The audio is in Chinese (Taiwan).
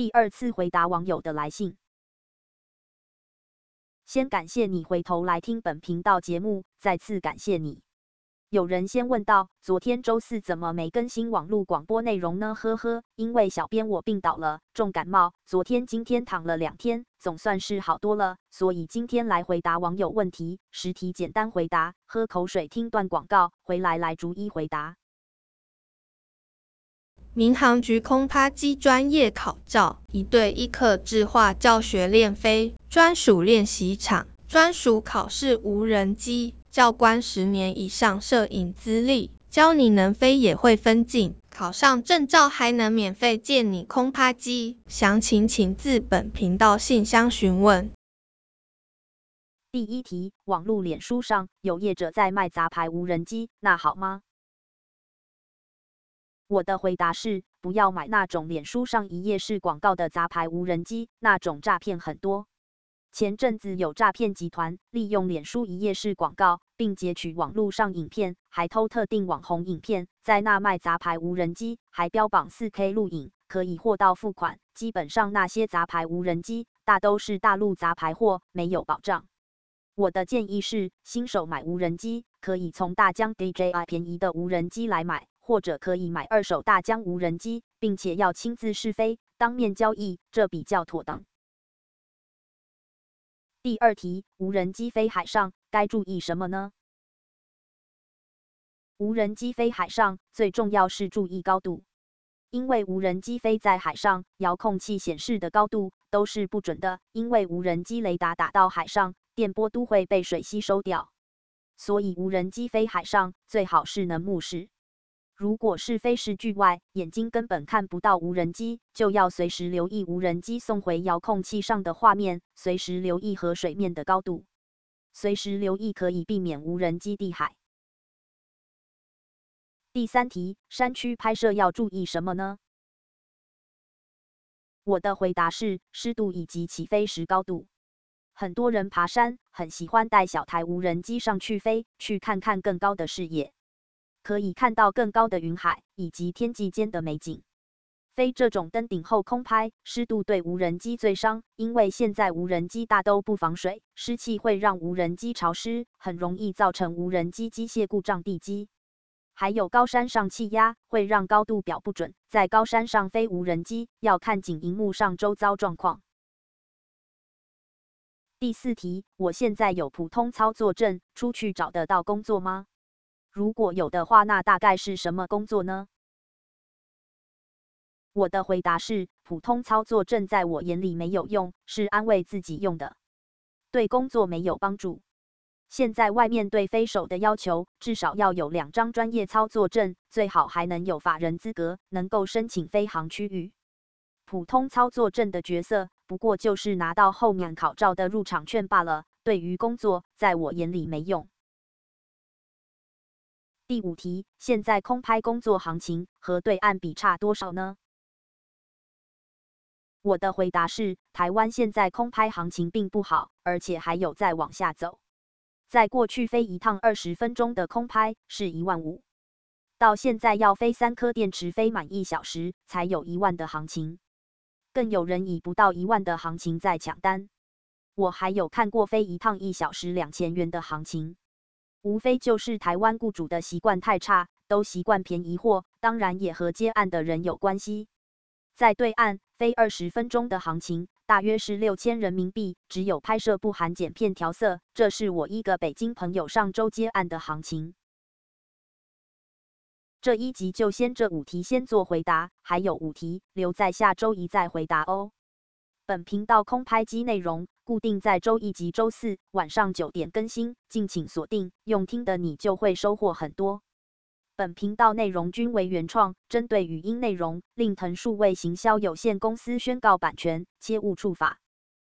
第二次回答網友的來信，先感謝你回頭來聽本頻道節目，再次感謝你。有人先問道：昨天周四怎麼沒更新網絡廣播內容呢？呵呵，因為小編我病倒了，重感冒，昨天今天躺了兩天，總算是好多了，所以今天來回答網友問題。實體簡單回答，喝口水，聽段廣告，回來來逐一回答。民航局空拍機專業考照，一對一客制化教學練飛，專屬練習場，專屬考試無人機，教官十年以上攝影資歷，教你能飛也會分鏡，考上證照還能免費借你空拍機。詳情請自本頻道信箱詢問。第一題，網路臉書上有業者在賣雜牌無人機，那好嗎？我的回答是，不要買那種臉書上一頁式廣告的雜牌無人機，那種詐騙很多。前陣子有詐騙集團利用臉書一頁式廣告，並截取網絡上影片，還偷特定網紅影片，在那賣雜牌無人機，還標榜 4K 錄影，可以貨到付款。基本上那些雜牌無人機大都是大陸雜牌貨，沒有保障。我的建議是，新手買無人機可以從大疆 （DJI） 便宜的無人機來買。或者可以買二手大疆無人機，並且要親自試飛，當面交易，這比較妥當。第二題，無人機飛海上，該注意什麼呢？無人機飛海上最重要是注意高度，因為無人機飛在海上，遙控器顯示的高度都是不準的，因為無人機雷達打到海上，電波都會被水吸收掉，所以無人機飛海上最好是能目視。如果是飛視距外，眼睛根本看不到無人機，就要隨時留意無人機送回遙控器上的畫面，隨時留意和水面的高度，隨時留意可以避免無人機地海。第三題，山區拍攝要注意什麼呢？我的回答是濕度以及起飛時高度。很多人爬山很喜歡帶小台無人機上去飛，去看看更高的視野。可以看到更高的雲海以及天際間的美景。飛這種登頂後空拍，濕度對無人機最傷，因為現在無人機大都不防水，濕氣會讓無人機潮濕，很容易造成無人機機械故障墜機。還有高山上氣壓會讓高度表不準，在高山上飛無人機要看緊螢幕上周遭狀況。第四題，我現在有普通操作證，出去找得到工作嗎？如果有的話，那大概是什麼工作呢？我的回答是，普通操作證在我眼裡沒有用，是安慰自己用的，對工作沒有幫助。現在外面對飛手的要求，至少要有兩張專業操作證，最好還能有法人資格，能夠申請飛行區域。普通操作證的角色，不過就是拿到後面考照的入場券罷了。對於工作，在我眼裡沒用。第五題，現在空拍工作行情和對岸比差多少呢？我的回答是，台灣現在空拍行情並不好，而且還有在往下走。在過去飛一趟二十分鐘的空拍是一萬五，到現在要飛三顆電池飛滿一小時才有一萬的行情。更有人以不到一萬的行情在搶單。我還有看過飛一趟一小時兩千元的行情。無非就是台灣雇主的習慣太差，都習慣便宜貨，當然也和接案的人有關係。在對岸，飛二十分鐘的行情大約是六千人民幣，只有拍攝不含剪片調色。這是我一個北京朋友上周接案的行情。這一集就先這五題先做回答，還有五題留在下周一再回答哦。本頻道空拍機內容，固定在周一及周四晚上九點更新，敬請鎖定。用聽的你就會收穫很多。本頻道內容均為原創，針對語音內容，令騰數位行銷有限公司宣告版權，切勿觸法。